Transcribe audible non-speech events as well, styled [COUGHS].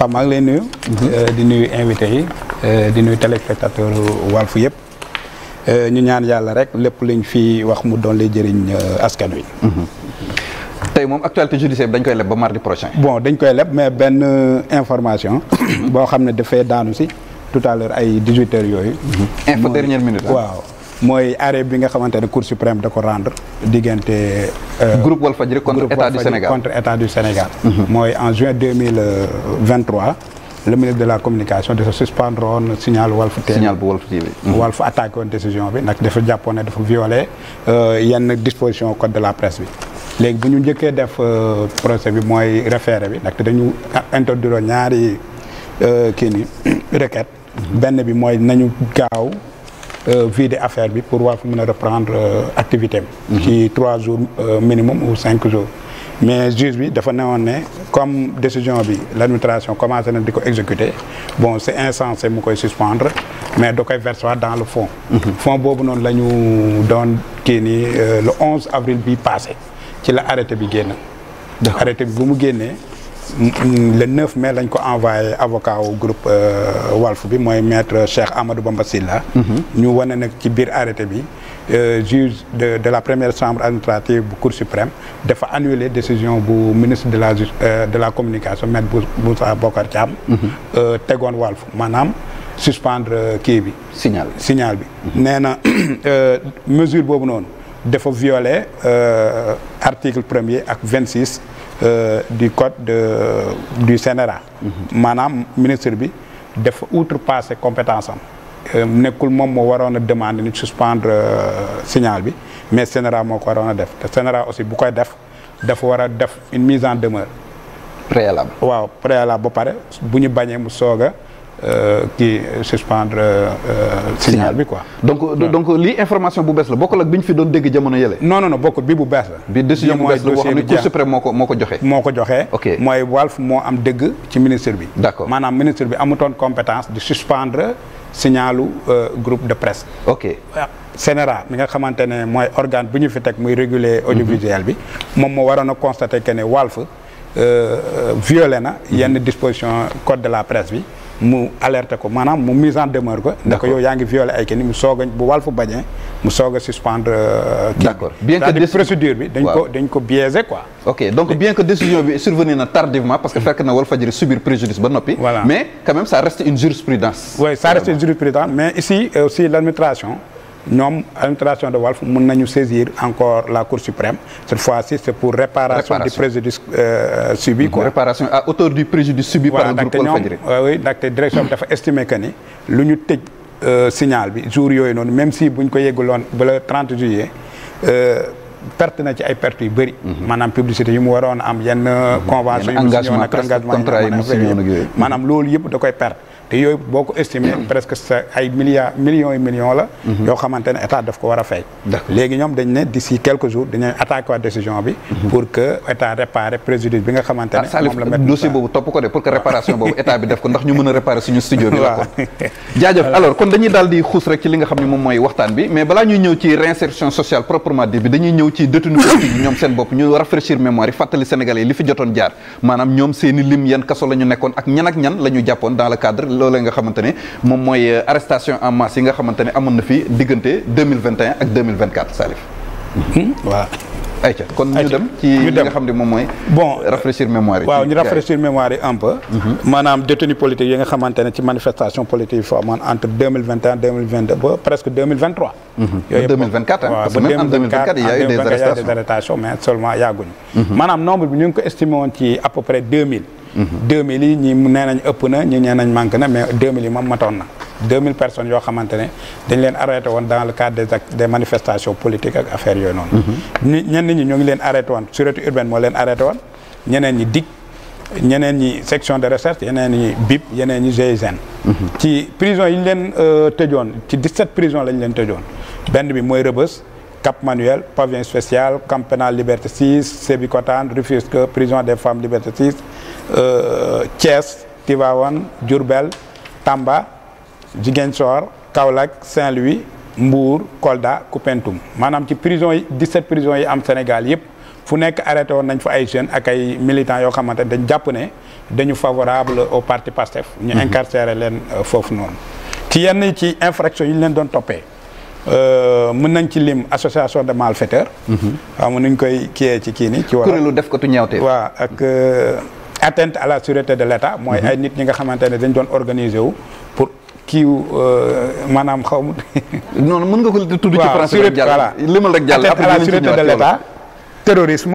Pape maa ngi lay nuyu. Mhm. Euh, di nuyu invité yi euh, di nuyu téléspectateur Walf yëpp. Euh, ñu ñaan yàlla rek lépp luñ fi wax mu doon lay jëriñ askan wi. Mhm. tey moom actualité judiciaire bi dañ koy leb ba mardi prochain. bon dañ koy leb mais benn information. Mhm. [COUGHS] boo xam ne dafay daanu si tout à l'heure ay 18 yooyu. info waaw. mooy arrêt bi nga xamante ne cour suprême da ko rendre diggante. Euh, groupe Walfadjri contre état du Sénégal contre état du Sénégal. Mm-hmm. mooy en juin deux mille vingt trois le ministre de la communication de suspendre woon signal Walf TV. signal bu Walf TV. Mm-hmm. Walf décision bi nag dafa jàppoon ne dafa euh, yenn disposition code de la presse bi. léegi bu ñu njëkkee def euh, procès bi mooy référé bi ndaxte dañu introduire ñaari kii ni [COUGHS] requête mm-hmm. benn bi mooy nañu gaaw. Euh, de affaire bi pour waa fi mën a reprendre euh, activité am. Mhm. ci trois jours euh, minimum ou cinq jours. mais juge bi dafa newoon ne comme décision bi l' administration commencé na di ko exécuter bon c' est insensé mu koy suspendre mais da koy verser dans le fond. Mhm. fond boobu noonu la ñu doon kii nii le 11 avril bi passé ci la arrêté bi génn. arrêté bi bu mu génnee. le 9 mais lañ ko envoyé avocat au groupe euh, Walf bi mooy maître Cheikh Amadou Bamba Silla mhm. ñu wane nag ci biir arrêté bi euh, juge de de la première chambre administrative bu cour suprême dafa annuler décision bu ministre de la euh, de la communication maître Moussa Bocar Thiam mhm. tegoon Walf maanaam suspendre kii bi signal signal bi mhm. nee na [CLEARS THROAT] mesure boobu noonu dafa violer article premier ak vingt six Euh, du code de du CNRA. Mhm. maanaam ministre bi def dafa outrepassé compétence am. Euh, nekkul moom moo waroon a demande ni suspendre euh, signal bi mais CNRA moo ko waroon a def te CNRA aussi bu koy def dafa war a def une mise en demeure. préalable waaw préalable ba pare bu ñu bañee mu soog a Euh, kii suspendre euh, euh, signal bi quoi. donc donc lii information bu bees la bokk ak bi ñu fi doon dégg jamono yële. non non non bi bu bees la. bi décision bu bees la boo xam ne cour moo ko joxe. moo mooy Walf moo am dëgg ci ministre bi. d'accord maanaam ministre bi amutoon compétence di suspendre signalu groupe de presse. ok. CNRA mi nga xamante ne mooy organe bi ñu fi teg muy réguler audiovisuel bi moom moo waroon a constater que ne Walf violé na yenn disposition code de la presse bi. mu alerté ko maanaam mu mise en demeure ko. ndax yow yaa ngi violé ay kenn mu soog a bu wàll fu bañee mu soog a suspendre. Euh, d' accord bien ko décision bi survenir na tardivement parce que fekk na Walfadjri subir préjudice ba noppi. mais quand même reste une jurisprudence. oui reste une jurisprudence mais ici euh, aussi l' administration. ñoom administration de Walf mun nañu saisir encore la Cour suprême cette fois-ci c'est pour réparation, réparation. du préjudice euh, subi quoi réparation à hauteur du préjudice subi voilà, par le groupe Walfadjri ñoom euh, oui ndaxte direction bi dafa estimé que ni lu ñu tëj euh, signal bi jour yooyu noonu même si buñ ko yegguloon ba le 30 juillet euh, perte na ci ay perte yu bëri mhm. maanaam publicité yu mu waroon am yenn mhm. convention yu mu signé woon ak engagement contrat yi mu yooyu maanaam loolu yëpp da koy perte te yooyu boo ko estimé presque sa ay milliards millions et la mhm. yoo xamante ne état daf ko war a fay léegi ñoom dañ ne d'ici quelques jours dañu attaqué a décision bi mhm. pour que état réparé préjudice bi nga xamante ne ah, dossier boobu topp ko de pour que réparation boobu état bi def ko ndax ñu mën a réparer suñu studio bi la [LAUGHS] ko jaajëf alors kon dañuy daal di xuus rek ci li nga xam ne moom mooy waxtaan bi mais balaa ñuy ñëw ci réinsertion sociale ñëw ci détenu [COUGHS] politique yi ñoom seen bopp ñu rafraîchir fi jotoon jaar maanaam ñoom seeni lim yan kaso la ñu nekkoon ak ñan ak ñan ñu jàppoon dans le cadre loolee nga xamante ne moom euh, arrestation en masse yi nga xamante ne na fi diggante ak 2024 hmm? kon ñu dem ci nga xam ne moom bon rafraîchir mémoire yi. waaw ñu mhm. détenu politique yi nga xamante ci manifestation politique yi entre presque yooyu deux mille vingt a eu des arrestations mais seulement yàgguñu. Mhm. maanaam nombre bi ñu ngi ko estimé ci à peu près deux mille yi ñi nee nañ ñi nee nañ manque na mais deux mille yi moom matoon na deux mille personnes yoo xamante ne dañ leen arrêté woon dans le cadre des actes des manifestations yooyu noonu ñi ñi ñoo ngi leen arrêté woon sûreté urbaine moo leen arrêté ñeneen ñi dig ñeneen ñi section de recherche yeneen ñi BIP yeneen ñi GIGN mm-hmm. ci prison yi ñu leen euh, tëjoon ci 17 prison la ñu leen tëjoon benn bi mooy Rebeuss Cap Manuel pavillon spécial Camp pénal Liberté 6 Sébikotane Rufisque prison Euh, Thiès Tivaouane Diourbel Tamba Ziguinchor Kaolack Saint-Louis Mbour Kolda Koupentoum maanaam ci prison yi 17 prisons yi am Sénégal yëpp fu nekk arrêté woon nañ fa ay jeunes ak ay militants yoo xamante dañ jàpp ne dañu favorable au parti PASTEF. ñu mhm. incarcéré leen euh, foofu noonu. ci yenn ci infraction yi leen doon toppee euh, mën nañ ci lim association de malfaiteurs. waaw mhm. mën nañ koy ki ci kii nii. ci wàllu kuréelu def ko tu ñaawte. waaw atteinte à la sûreté de l'État mooy mhm. ay nit ñi nga xamante ne dañ doon organiser wu pour kiiw euh, maanaam xaw ma. noonu mën nga ko tudd ci français rek jàll. voilà limal rek jàll atteinte à la sûreté de l'État terrorisme.